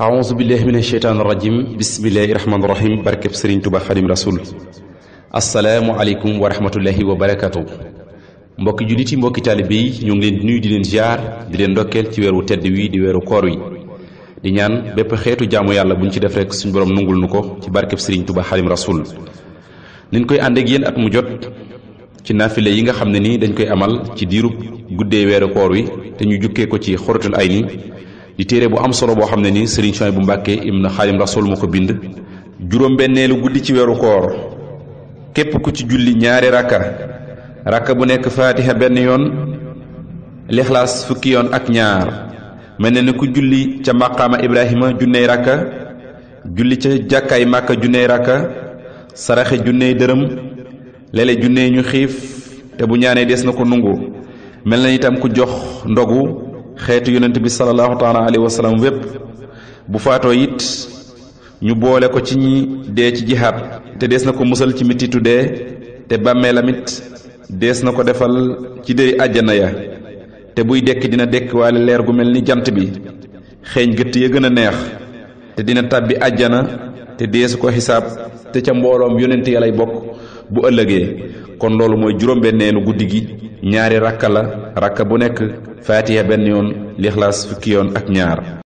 aouzu billahi mina sheytaani rajim bismillahi rahmaani rahim barkeb sëriñ tuba xadim rasul asalaamualeykum wa rahmatullahi wa barakatu mbokki jullit yi mbokki taalibe yi ñu ngi leen di nuyu di leen ziar di leen ndokkeel ci weeru tedd wi di weeru koor wi di ñaan bépp xeetu jaamu yàlla buñ ci def rek suñ borom nungul nu ko ci barkeb sëriñ tuba xadim rasul niñ koy ànd ak yéen at mu jot ci naafile yi nga xam ne ni dañ koy amal ci diirub guddee weeru koor wi te ñu jukkee ko ci xoratul ay di téere bu am solo boo xam ne nii Serigne Souhaïbou Mbacké ibn Khadim Rassoul ma ko bind juróom-benneelu guddi ci weeru koor képp ku ci julli ñaari rakka rakka bu nekk faatiha benn yoon lixlaas fukki yoon ak ñaar mel ne ni ku julli ca maqaama ibrahima junney rakka julli ca jàkkaay màkka junney rakka saraxe junney dërëm lele junney ñu xiif te bu ñaanee des na ko nungu mel na itam ku jox ndogu xeetu yonent bi sallallahu taala alayhi wa sallam wépp bu faatoo it ñu boole ko ci ñi dee ci jihaad te dees na ko musal ci mititu dee te bàmmeelamit dees na ko defal ci déri àjjana ya te buy dekk dina dekk waale leer gu mel ni jant bi xeeñ gëtt ya gën a neex te dina tàbbi àjjana te deesu ko xisaab te ca mbooloom yonent ya lay bokk bu ëllëgee kon loolu mooy juróom-benneelu guddi gi ñaari rakka la rakka bu nekk faatiha benn yoon lixlaas fukki yoon ak ñaar